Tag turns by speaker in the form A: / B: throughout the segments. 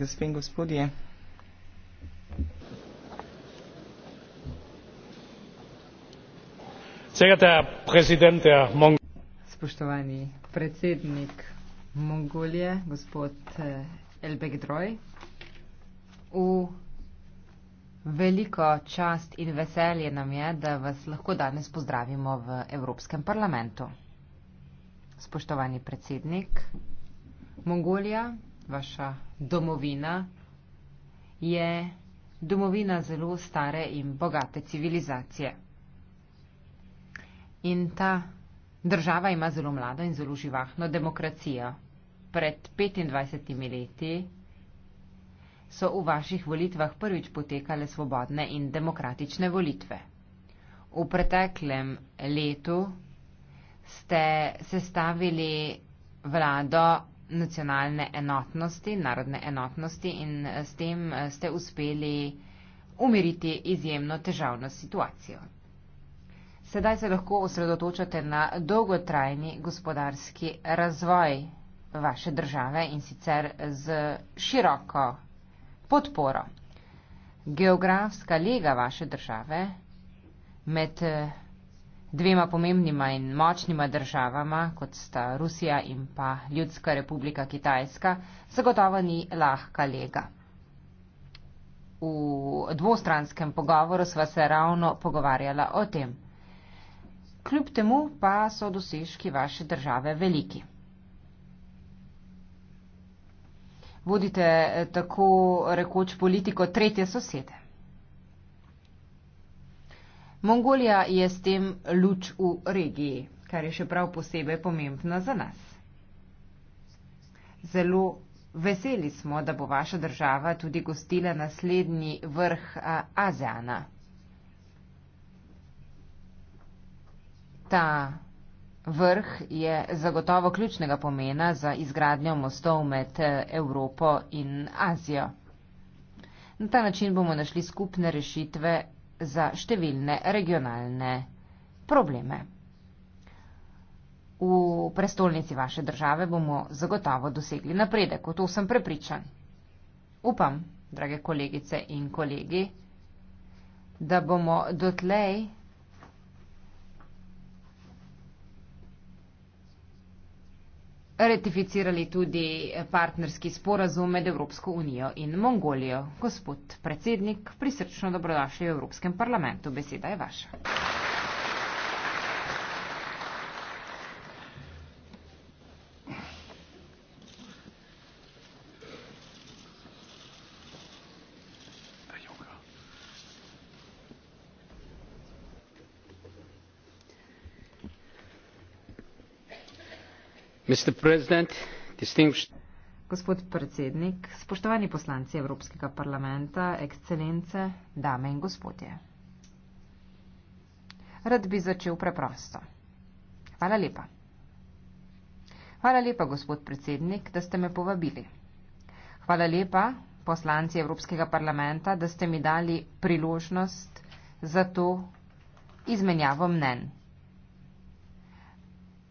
A: gospe in gospodje. Spoštovani predsednik Mongolije, gospod eh, Elbegdroj, v veliko čast in veselje nam je, da vas lahko danes pozdravimo v Evropskem parlamentu. Spoštovani predsednik Mongolija, vaša domovina je domovina zelo stare in bogate civilizacije. In ta država ima zelo mlado in zelo živahno demokracijo. Pred 25 leti so v vaših volitvah prvič potekale svobodne in demokratične volitve. V preteklem letu ste sestavili vlado nacionalne enotnosti, narodne enotnosti in eh, s tem eh, ste uspeli umiriti izjemno težavno situacijo. Sedaj se lahko osredotočate na dolgotrajni gospodarski razvoj vaše države in sicer z široko podporo. Geografska lega vaše države med eh, dvema pomembnima in močnima državama, kot sta Rusija in pa Ljudska republika Kitajska, zagotovo ni lahka lega. V dvostranskem pogovoru sva se ravno pogovarjala o tem. Kljub temu pa so dosežki vaše države veliki. Vodite tako rekoč politiko tretje sosede. Mongolija je s tem luč v regiji, kar je še prav posebej pomembno za nas. Zelo veseli smo, da bo vaša država tudi gostila naslednji vrh ASEANA. Ta vrh je zagotovo ključnega pomena za izgradnjo mostov med Evropo in Azijo. Na ta način bomo našli skupne rešitve za številne regionalne probleme. V prestolnici vaše države bomo zagotovo dosegli napredek, o to sem prepričan. Upam, drage kolegice in kolegi, da bomo dotlej ratificirali tudi partnerski sporazum med Evropsko unijo in Mongolijo. Gospod predsednik, prisrčno dobrodošli v Evropskem parlamentu. Beseda je vaša. gospod predsednik spoštovani poslanci evropskega parlamenta ekscelence dame in gospodje rad bi začel preprosto hvala lepa hvala lepa gospod predsednik da ste me povabili hvala lepa poslanci evropskega parlamenta da ste mi dali priložnost za to izmenjavo mnen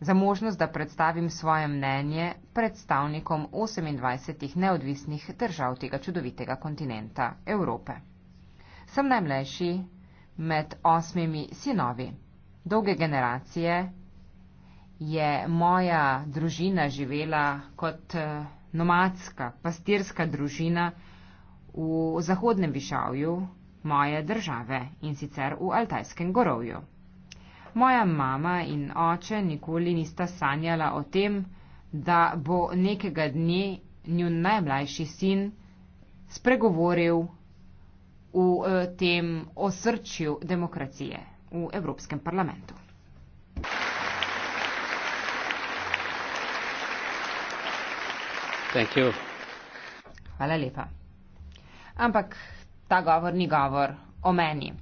A: za možnost, da predstavim svoje mnenje predstavnikom 28 neodvisnih držav tega čudovitega kontinenta Evrope. Sem najmlajši med osmimi sinovi. Dolge generacije je moja družina živela kot eh, nomadska, pastirska družina v zahodnem višavju moje države in sicer v Altajskem gorovju. Moja mama in oče nikoli nista sanjala o tem, da bo nekega dne njun najmlajši sin spregovoril v eh, tem osrčju demokracije v Evropskem parlamentu. Hvala lepa. Ampak ta govor ni govor o meni.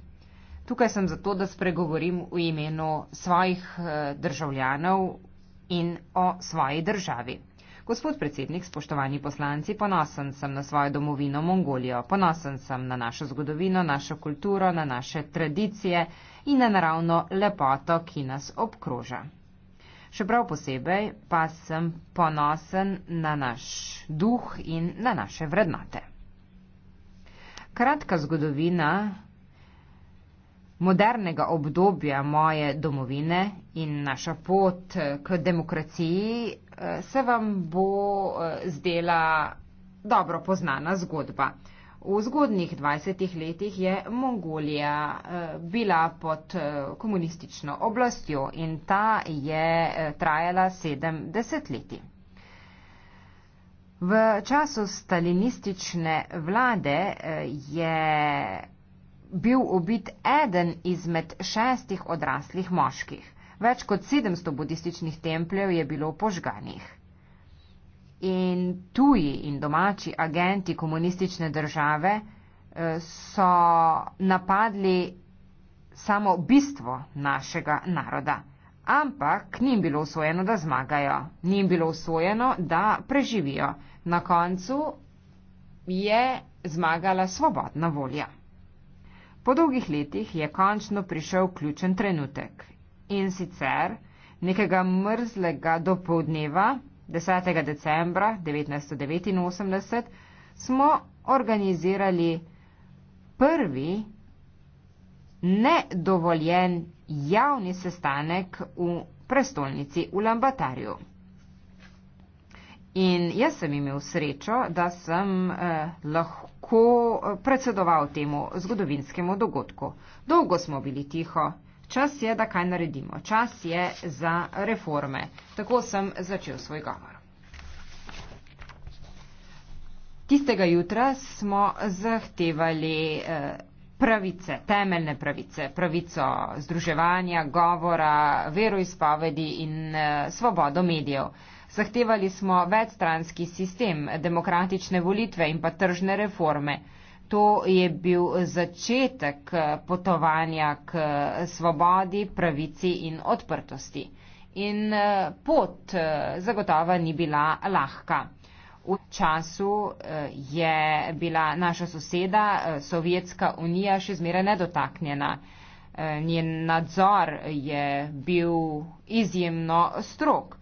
A: Tukaj sem zato, da spregovorim v imenu svojih eh, državljanov in o svoji državi. Gospod predsednik, spoštovani poslanci, ponosen sem na svojo domovino Mongolijo, ponosen sem na našo zgodovino, našo kulturo, na naše tradicije in na naravno lepoto, ki nas obkroža. Še prav posebej pa sem ponosen na naš duh in na naše vrednote. Kratka zgodovina modernega obdobja moje domovine in naša pot eh, k demokraciji eh, se vam bo eh, zdela dobro poznana zgodba. V zgodnih 20 letih je Mongolija bila pod komunistično oblastjo in ta je trajala 70 leti. V času stalinistične vlade je bil ubit eden izmed šestih odraslih moških. Več kot 700 budističnih templjev je bilo požganih. In tuji in domači agenti komunistične države eh, so napadli samo bistvo našega naroda. Ampak njim bilo usvojeno, da zmagajo, njim bilo usvojeno, da preživijo. Na koncu je zmagala svobodna volja. Po dolgih letih je končno prišel ključen trenutek in sicer nekega mrzlega dopoldneva 10. decembra 1989 smo organizirali prvi nedovoljen javni sestanek v prestolnici v Lambatariju. In jaz sem imel srečo, da sem eh, lahko eh, predsedoval temu zgodovinskemu dogodku. Dolgo smo bili tiho, čas je, da kaj naredimo, čas je za reforme. Tako sem začel svoj govor. Tistega jutra smo zahtevali eh, pravice, temeljne pravice, pravico združevanja, govora, veroizpovedi in eh, svobodo medijev. Zahtevali smo večstranski sistem, demokratične volitve in pa tržne reforme. To je bil začetek eh, potovanja k eh, svobodi, pravici in odprtosti. In eh, pot zagotova ni bila lahka. V času je bila naša soseda, Sovjetska unija, še zmeraj nedotaknjena. Njen nadzor je bil izjemno strok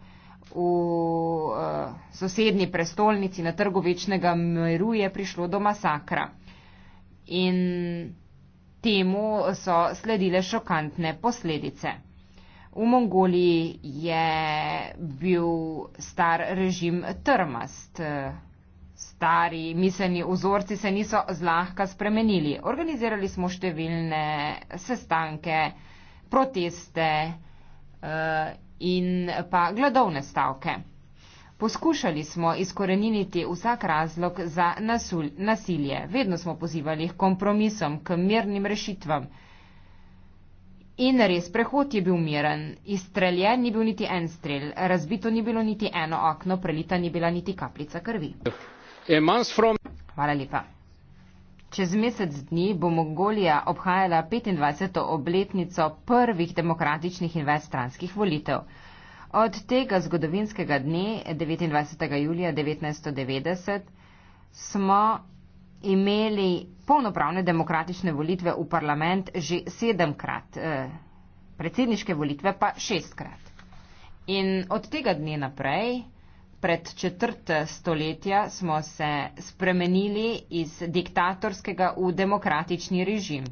A: v uh, sosednji prestolnici na trgu večnega miru je prišlo do masakra. In temu so sledile šokantne posledice. V Mongoliji je bil star režim trmast. Stari miselni vzorci se niso zlahka spremenili. Organizirali smo številne sestanke, proteste. Uh, in pa gladovne stavke. Poskušali smo izkoreniniti vsak razlog za nasul, nasilje, vedno smo pozivali k kompromisom, k mirnim rešitvam. In res, prehod je bil miren, izstreljen ni bil niti en strel, razbito ni bilo niti eno okno, prelita ni bila niti kaplica krvi. Hvala lepa. Čez mesec dni bo Mongolija obhajala 25. obletnico prvih demokratičnih in večstranskih volitev. Od tega zgodovinskega dne 29. julija 1990 smo imeli polnopravne demokratične volitve v parlament že sedemkrat, eh, predsedniške volitve pa šestkrat. In od tega dne naprej pred četrt stoletja smo se spremenili iz diktatorskega v demokratični režim.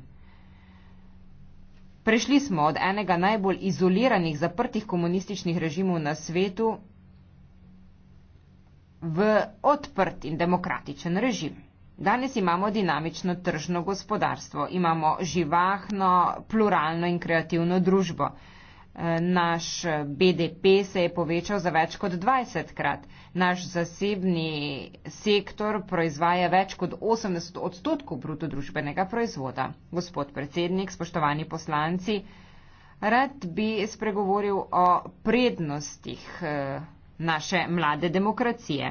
A: Prešli smo od enega najbolj izoliranih, zaprtih komunističnih režimov na svetu v odprt in demokratičen režim. Danes imamo dinamično tržno gospodarstvo, imamo živahno, pluralno in kreativno družbo naš BDP se je povečal za več kot 20 krat. Naš zasebni sektor proizvaja več kot 80 odstotkov brutodružbenega proizvoda. Gospod predsednik, spoštovani poslanci, rad bi spregovoril o prednostih eh, naše mlade demokracije.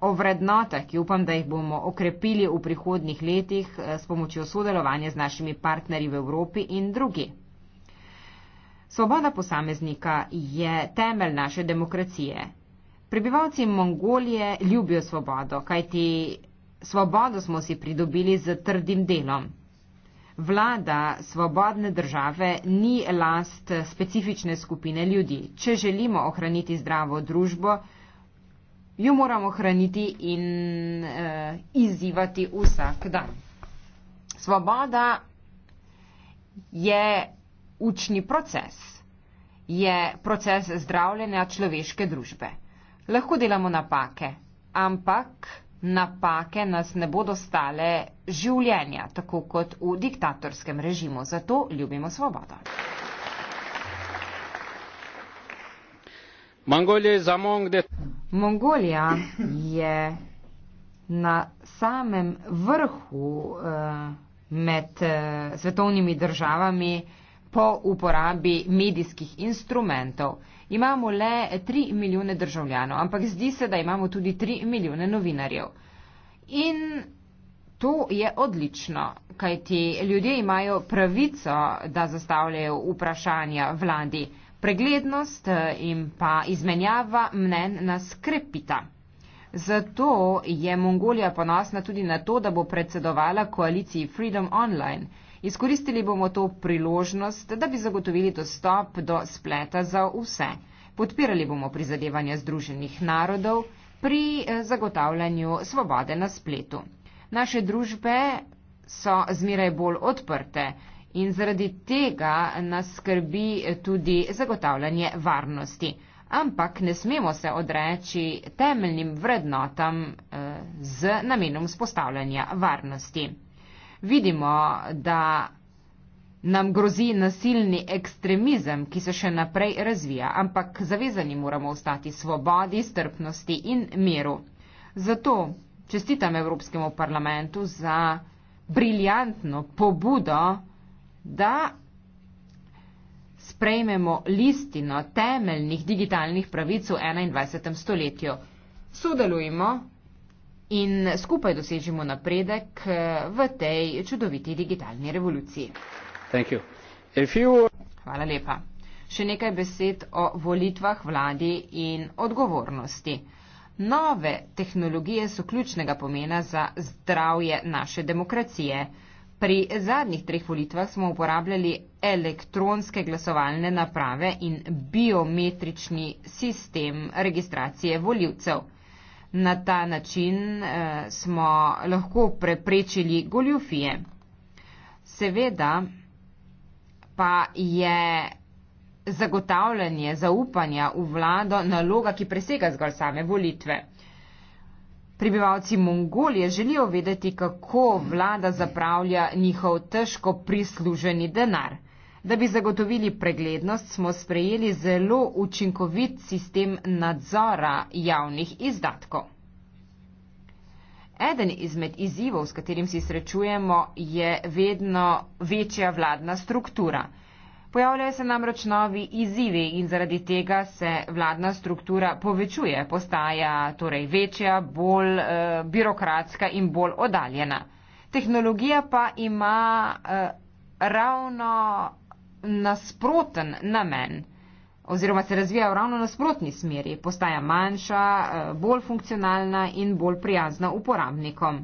A: O vrednotah, ki upam, da jih bomo okrepili v prihodnih letih eh, s pomočjo sodelovanja z našimi partnerji v Evropi in drugi. Svoboda posameznika je temelj naše demokracije. Prebivalci Mongolije ljubijo svobodo, kajti svobodo smo si pridobili z trdim delom. Vlada svobodne države ni last specifične skupine ljudi. Če želimo ohraniti zdravo družbo, jo moramo ohraniti in eh, izzivati vsak dan. Svoboda je učni proces, je proces zdravljenja človeške družbe. Lahko delamo napake, ampak napake nas ne bodo stale življenja, tako kot v diktatorskem režimu. Zato ljubimo svobodo. Mongolija je na samem vrhu eh, med eh, svetovnimi državami, po uporabi medijskih instrumentov. Imamo le 3 milijone državljanov, ampak zdi se, da imamo tudi 3 milijone novinarjev. In to je odlično, kajti ljudje imajo pravico, da zastavljajo vprašanja vladi. Preglednost eh, in pa izmenjava mnen nas krepita. Zato je Mongolija ponosna tudi na to, da bo predsedovala koaliciji Freedom Online. Izkoristili bomo to priložnost, da bi zagotovili dostop do spleta za vse. Podpirali bomo prizadevanja Združenih narodov pri eh, zagotavljanju svobode na spletu. Naše družbe so zmeraj bolj odprte in zaradi tega nas skrbi tudi zagotavljanje varnosti. Ampak ne smemo se odreči temeljnim vrednotam eh, z namenom spostavljanja varnosti vidimo, da nam grozi nasilni ekstremizem, ki se še naprej razvija, ampak zavezani moramo ostati svobodi, strpnosti in miru. Zato čestitam Evropskemu parlamentu za briljantno pobudo, da sprejmemo listino temeljnih digitalnih pravic v 21. stoletju. Sodelujmo in skupaj dosežemo napredek eh, v tej čudoviti digitalni revoluciji. You... Hvala lepa. Še nekaj besed o volitvah vladi in odgovornosti. Nove tehnologije so ključnega pomena za zdravje naše demokracije. Pri zadnjih treh volitvah smo uporabljali elektronske glasovalne naprave in biometrični sistem registracije voljivcev. Na ta način eh, smo lahko preprečili goljufije. Seveda pa je zagotavljanje zaupanja v vlado naloga, ki presega zgolj same volitve. Prebivalci Mongolije želijo vedeti, kako vlada zapravlja njihov težko prisluženi denar. Da bi zagotovili preglednost, smo sprejeli zelo učinkovit sistem nadzora javnih izdatkov. Eden izmed izzivov, s katerim se srečujemo, je vedno večja vladna struktura. Pojavljajo se namreč novi izzivi in zaradi tega se vladna struktura povečuje, postaja torej večja, bolj eh, birokratska in bolj oddaljena. Tehnologija pa ima eh, ravno nasproten namen oziroma se razvija v ravno nasprotni smeri, postaja manjša, eh, bolj funkcionalna in bolj prijazna uporabnikom.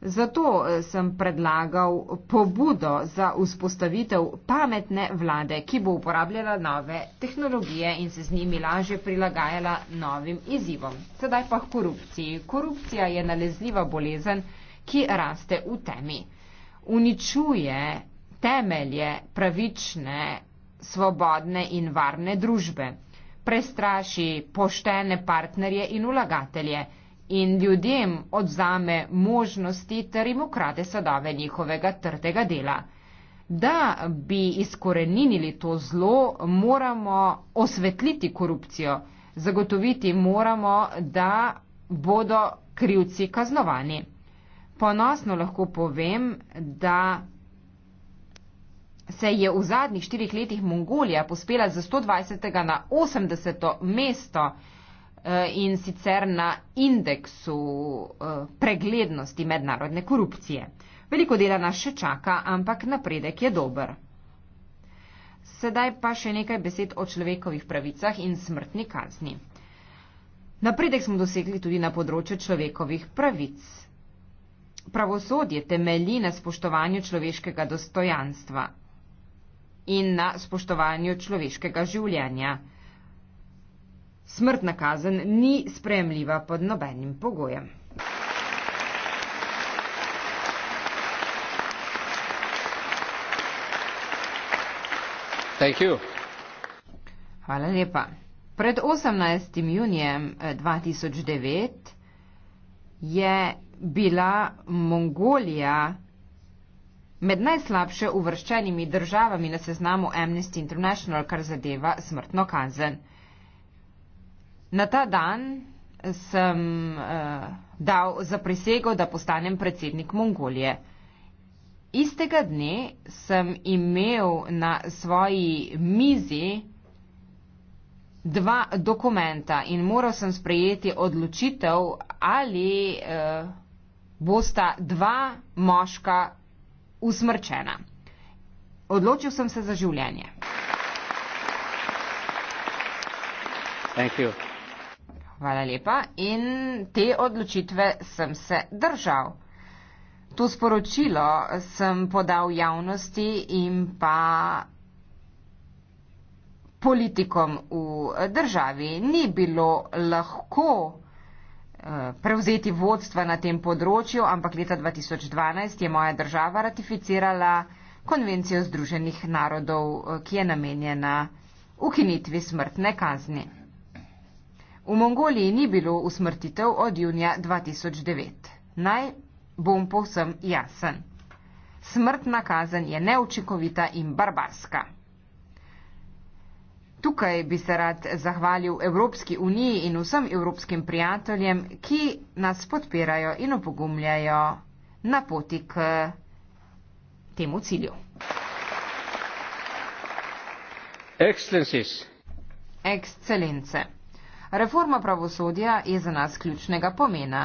A: Zato eh, sem predlagal pobudo za vzpostavitev pametne vlade, ki bo uporabljala nove tehnologije in se z njimi lažje prilagajala novim izzivom. Sedaj pa korupciji. Korupcija je nalezljiva bolezen, ki raste v temi. Uničuje temelje pravične, svobodne in varne družbe, prestraši poštene partnerje in ulagatelje in ljudem odzame možnosti ter jim ukrade sadove njihovega trdega dela. Da bi izkoreninili to zlo, moramo osvetliti korupcijo, zagotoviti moramo, da bodo krivci kaznovani. Ponosno lahko povem, da se je v zadnjih štirih letih Mongolija pospela z 120. na 80. mesto eh, in sicer na indeksu eh, preglednosti mednarodne korupcije. Veliko dela nas še čaka, ampak napredek je dober. Sedaj pa še nekaj besed o človekovih pravicah in smrtni kazni. Napredek smo dosegli tudi na področju človekovih pravic. Pravosodje temelji na spoštovanju človeškega dostojanstva, in na spoštovanju človeškega življenja. Smrtna kazen ni sprejemljiva pod nobenim pogojem. Thank you. Hvala lepa. Pred 18. junijem 2009 eh, je bila Mongolija. Med najslabše uvrščenimi državami na seznamu Amnesty International, kar zadeva smrtno kazen. Na ta dan sem uh, dal za prisego, da postanem predsednik Mongolije. Istega dne sem imel na svoji mizi dva dokumenta in moral sem sprejeti odločitev, ali uh, bosta dva moška usmrčena. Odločil sem se za življenje. Hvala lepa in te odločitve sem se držal. To sporočilo sem podal javnosti in pa politikom v državi. Ni bilo lahko Eh, prevzeti vodstva na tem področju, ampak leta 2012 je moja država ratificirala konvencijo Združenih narodov, eh, ki je namenjena ukinitvi smrtne kazni. V Mongoliji ni bilo usmrtitev od junija 2009. Naj bom povsem jasen. Smrtna kazen je neučinkovita in barbarska. Tukaj bi se rad zahvalil Evropski uniji in vsem evropskim prijateljem, ki nas podpirajo in opogumljajo na poti k temu cilju. Excelence. Reforma pravosodja je za nas ključnega pomena.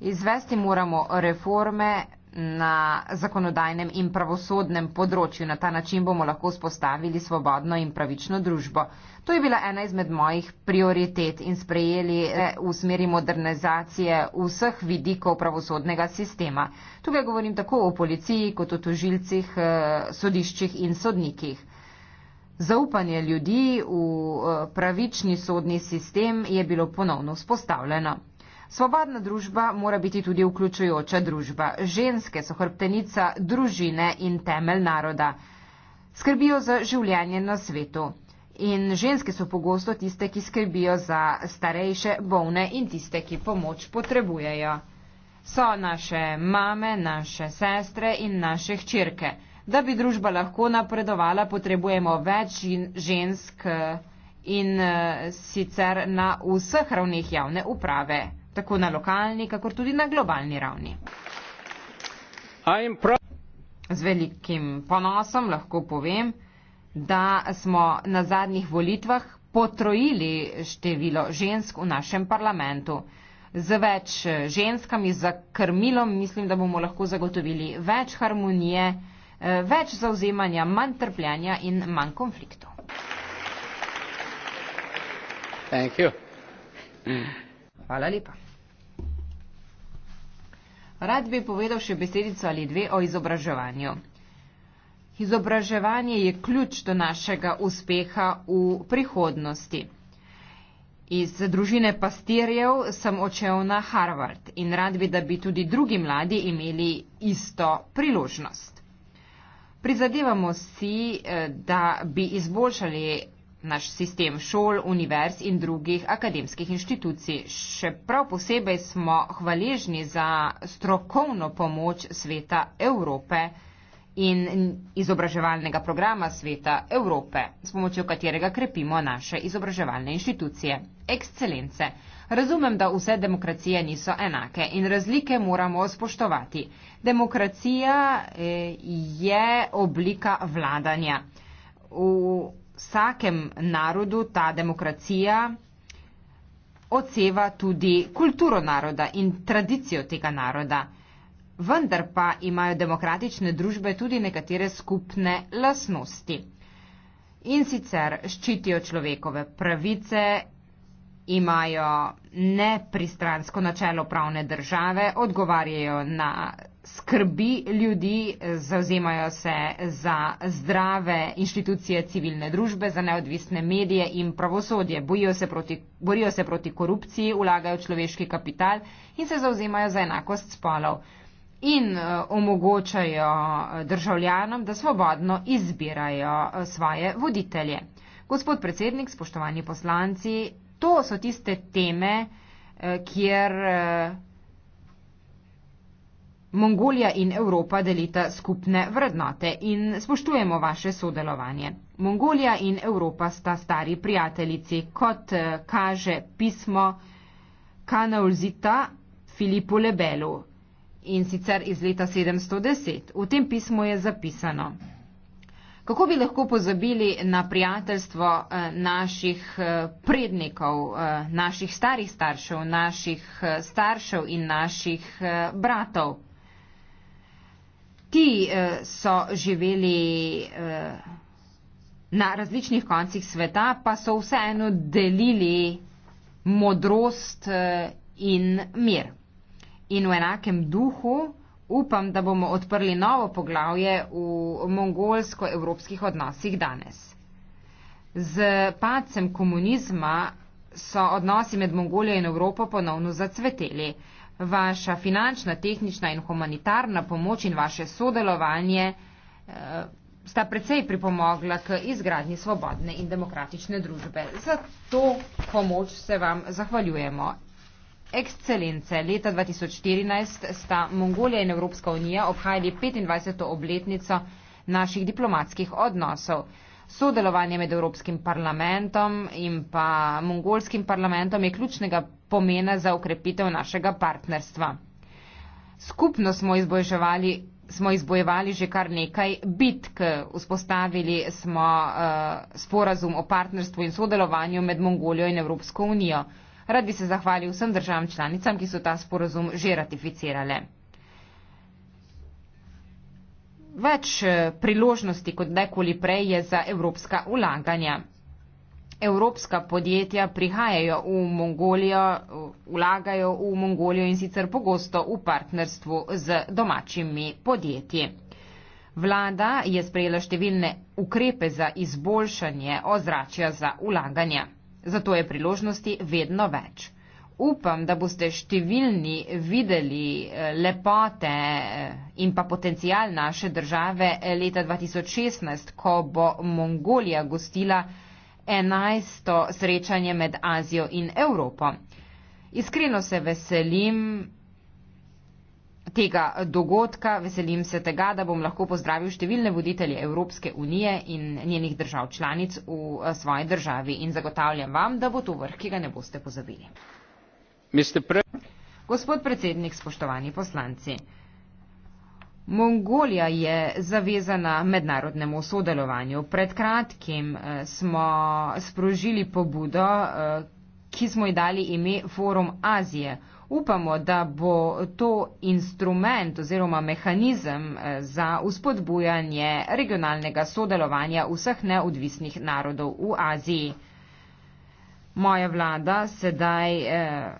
A: Izvesti moramo reforme, na zakonodajnem in pravosodnem področju. Na ta način bomo lahko spostavili svobodno in pravično družbo. To je bila ena izmed mojih prioritet in sprejeli v smeri modernizacije vseh vidikov pravosodnega sistema. Tukaj govorim tako o policiji kot o tožilcih, eh, sodiščih in sodnikih. Zaupanje ljudi v eh, pravični sodni sistem je bilo ponovno vzpostavljeno. Svobodna družba mora biti tudi vključujoča družba. Ženske so hrbtenica družine in temelj naroda. Skrbijo za življenje na svetu. In ženske so pogosto tiste, ki skrbijo za starejše, bolne in tiste, ki pomoč potrebujejo. So naše mame, naše sestre in naše hčerke. Da bi družba lahko napredovala, potrebujemo več žensk eh, in eh, sicer na vseh ravneh javne uprave tako na lokalni, kakor tudi na globalni ravni. Z velikim ponosom lahko povem, da smo na zadnjih volitvah potrojili število žensk v našem parlamentu. Z več ženskami za krmilom mislim, da bomo lahko zagotovili več harmonije, eh, več zauzemanja, manj trpljanja in manj konfliktov. Hvala lepa. Rad bi povedal še besedico ali dve o izobraževanju. Izobraževanje je ključ do našega uspeha v prihodnosti. Iz družine pastirjev sem očel na Harvard in rad bi, da bi tudi drugi mladi imeli isto priložnost. Prizadevamo si, eh, da bi izboljšali naš sistem šol, univerz in drugih akademskih inštitucij. Še prav posebej smo hvaležni za strokovno pomoč sveta Evrope in izobraževalnega programa sveta Evrope, s pomočjo katerega krepimo naše izobraževalne inštitucije. Ekscelence. Razumem, da vse demokracije niso enake in razlike moramo spoštovati. Demokracija eh, je oblika vladanja. V vsakem narodu ta demokracija odseva tudi kulturo naroda in tradicijo tega naroda. Vendar pa imajo demokratične družbe tudi nekatere skupne lasnosti. In sicer ščitijo človekove pravice, imajo nepristransko načelo pravne države, odgovarjajo na skrbi ljudi, zauzemajo se za zdrave inštitucije civilne družbe, za neodvisne medije in pravosodje, se proti, borijo se proti korupciji, ulagajo človeški kapital in se zauzemajo za enakost spolov in eh, omogočajo eh, državljanom, da svobodno izbirajo eh, svoje voditelje. Gospod predsednik, spoštovani poslanci, to so tiste teme, kjer Mongolija in Evropa delita skupne vrednote in spoštujemo vaše sodelovanje. Mongolija in Evropa sta stari prijateljici, kot eh, kaže pismo Kanaulzita Filipu Lebelu in sicer iz leta 710. V tem pismu je zapisano. Kako bi lahko pozabili na prijateljstvo eh, naših eh, prednikov, naših starih staršev, naših staršev in naših bratov? ti eh, so živeli eh, na različnih koncih sveta, pa so vseeno delili modrost eh, in mir. In v enakem duhu upam, da bomo odprli novo poglavje v mongolsko-evropskih odnosih danes. Z padcem komunizma so odnosi med Mongolijo in Evropo ponovno zacveteli vaša finančna, tehnična in humanitarna pomoč in vaše sodelovanje eh, sta predvsej pripomogla k izgradnji svobodne in demokratične družbe. Za to pomoč se vam zahvaljujemo. Ekscelence, leta 2014 sta Mongolija in Evropska unija obhajali 25. obletnico naših diplomatskih odnosov. Sodelovanje med Evropskim parlamentom in pa mongolskim parlamentom je ključnega pomena za ukrepitev našega partnerstva. Skupno smo izbojševali smo izbojevali že kar nekaj bitk, vzpostavili smo uh, sporazum o partnerstvu in sodelovanju med Mongolijo in Evropsko unijo. Rad bi se zahvalil vsem državam članicam, ki so ta sporazum že ratificirale več eh, priložnosti kot nekoli prej je za evropska ulaganja. Evropska podjetja prihajajo v Mongolijo, ulagajo v Mongolijo in sicer pogosto v partnerstvu z domačimi podjetji. Vlada je sprejela številne ukrepe za izboljšanje ozračja za ulaganja. Zato je priložnosti vedno več upam, da boste številni videli eh, lepote eh, in pa potencijal naše države eh, leta 2016, ko bo Mongolija gostila 11. srečanje med Azijo in Evropo. Iskreno se veselim tega dogodka, veselim se tega, da bom lahko pozdravil številne voditelje Evropske unije in njenih držav članic v svoji državi in zagotavljam vam, da bo to vrh, ki ga ne boste pozabili. Gospod predsednik, spoštovani poslanci. Mongolija je zavezana mednarodnemu sodelovanju. Pred kratkim eh, smo sprožili pobudo, eh, ki smo ji dali ime Forum Azije. Upamo, da bo to instrument oziroma mehanizem eh, za uspodbujanje regionalnega sodelovanja vseh neodvisnih narodov v Aziji. Moja vlada sedaj. Eh,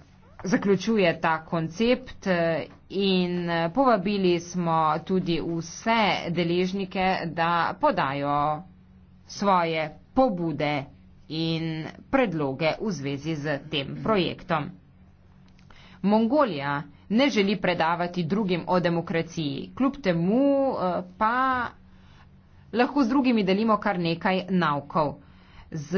A: zaključuje ta koncept eh, in eh, povabili smo tudi vse deležnike, da podajo svoje pobude in predloge v zvezi z tem projektom. Mongolija ne želi predavati drugim o demokraciji, kljub temu eh, pa lahko z drugimi delimo kar nekaj naukov z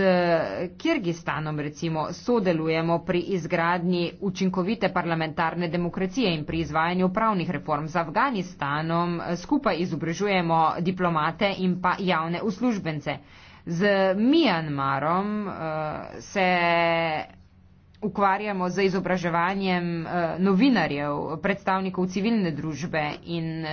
A: Kirgistanom recimo sodelujemo pri izgradnji učinkovite parlamentarne demokracije in pri izvajanju pravnih reform. Z Afganistanom eh, skupaj izobražujemo diplomate in pa javne uslužbence. Z Mijanmarom uh, eh, se ukvarjamo z izobraževanjem uh, novinarjev, predstavnikov civilne družbe in uh,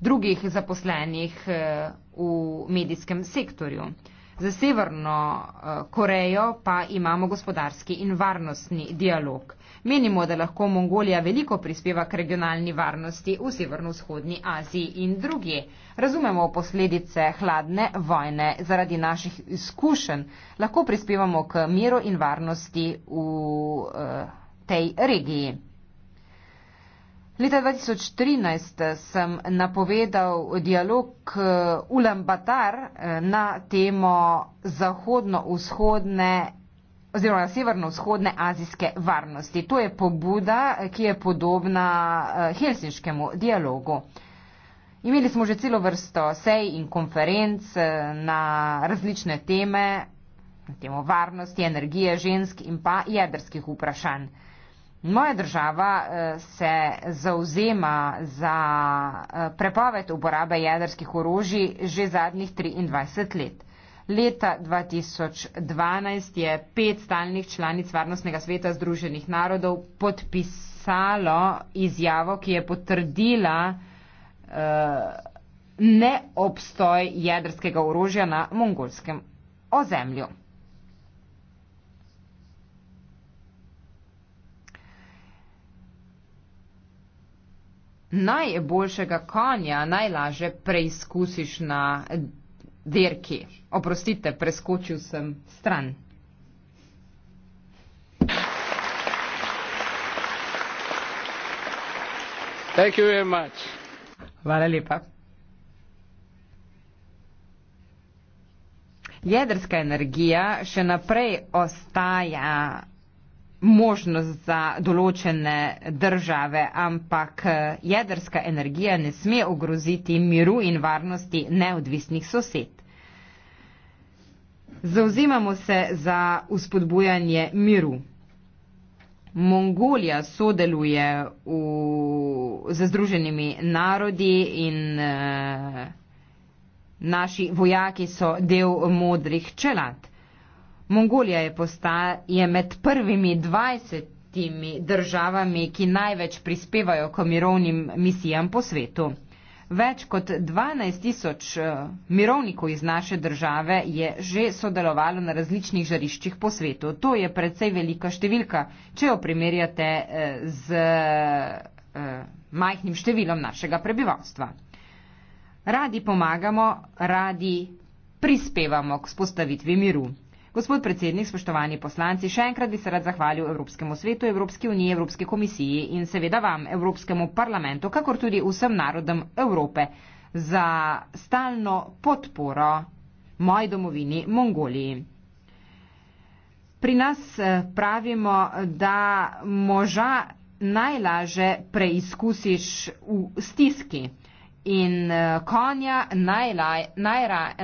A: drugih zaposlenih uh, v medijskem sektorju. Uh, Za Severno eh, Korejo pa imamo gospodarski in varnostni dialog. Menimo, da lahko Mongolija veliko prispeva k regionalni varnosti v severno-vzhodni Aziji in drugi. Razumemo posledice hladne vojne zaradi naših izkušenj. Lahko prispevamo k miru in varnosti v uh, tej regiji. Leta 2013 sem napovedal dialog eh, Ulan Batar eh, na temo zahodno-vzhodne oziroma severno-vzhodne azijske varnosti. To je pobuda, eh, ki je podobna helsinškemu dialogu. Imeli smo že celo vrsto sej in konferenc na različne teme, na temo varnosti, energije, žensk in pa jedrskih vprašanj. Moja država eh, se zauzema za eh, prepoved uporabe jedrskih orožij že zadnjih 23 let. Leta 2012 je pet stalnih članic Varnostnega sveta Združenih narodov podpisalo izjavo, ki je potrdila eh, neobstoj jedrskega orožja na mongolskem ozemlju. najboljšega konja najlaže preizkusiš na dirki. Oprostite, preskočil sem stran. Thank you very much. Hvala lepa. Jedrska energija še naprej ostaja možnost za določene države, ampak eh, jedrska energija ne sme ogroziti miru in varnosti neodvisnih sosed. Zauzimamo se za uspodbujanje miru. Mongolija sodeluje v, z Združenimi narodi in e, naši vojaki so del modrih čelad. Mongolija je, postala, je med prvimi 20 državami, ki največ prispevajo k mirovnim misijam po svetu. Več kot 12 tisoč eh, mirovnikov iz naše države je že sodelovalo na različnih žariščih po svetu. To je predvsej velika številka, če jo primerjate eh, z eh, majhnim številom našega prebivalstva. Radi pomagamo, radi prispevamo k spostavitvi miru. Gospod predsednik, spoštovani poslanci, še enkrat bi se rad zahvalil Evropskemu svetu, Evropski uniji, Evropski komisiji in seveda vam, Evropskemu parlamentu, kakor tudi vsem narodom Evrope za stalno podporo moji domovini Mongoliji. Pri nas eh, pravimo, da moža najlaže preizkusiš v stiski in eh, konja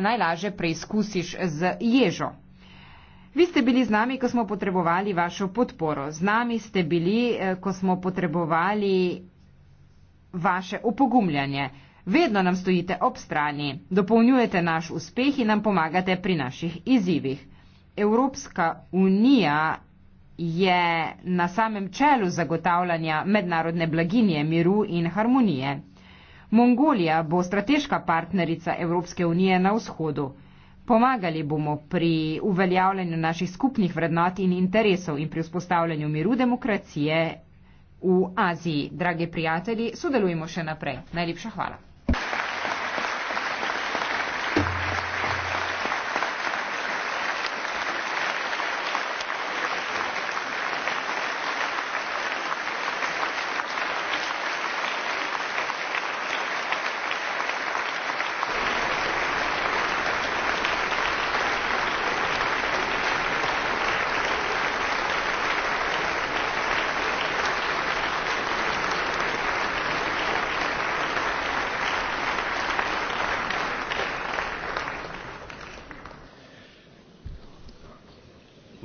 A: najlaže preizkusiš z ježo. Vi ste bili z nami, ko smo potrebovali vašo podporo. Z nami ste bili, eh, ko smo potrebovali vaše opogumljanje. Vedno nam stojite ob strani, dopolnjujete naš uspeh in nam pomagate pri naših izzivih. Evropska unija je na samem čelu zagotavljanja mednarodne blaginje, miru in harmonije. Mongolija bo strateška partnerica Evropske unije na vzhodu. Pomagali bomo pri uveljavljanju naših skupnih vrednot in interesov in pri vzpostavljanju miru demokracije v Aziji. Dragi prijatelji, sodelujmo še naprej. Najlepša hvala.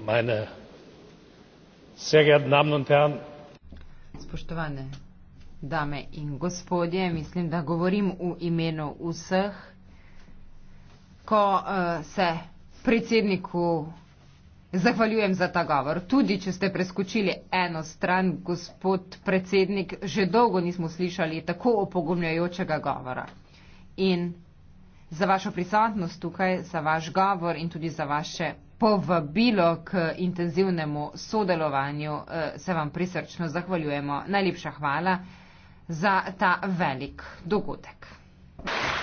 A: meine sehr geehrten Damen und Herren. Spoštovane dame in gospodje, mislim, da govorim v imenu vseh. Ko uh, se predsedniku zahvaljujem za ta govor, tudi če ste preskočili eno stran, gospod predsednik, že dolgo nismo slišali tako opogumljajočega govora. In za vašo prisotnost tukaj, za vaš govor in tudi za vaše povabilo k intenzivnemu sodelovanju, eh, se vam prisrčno zahvaljujemo. Najlepša hvala za ta velik dogodek. Thank you.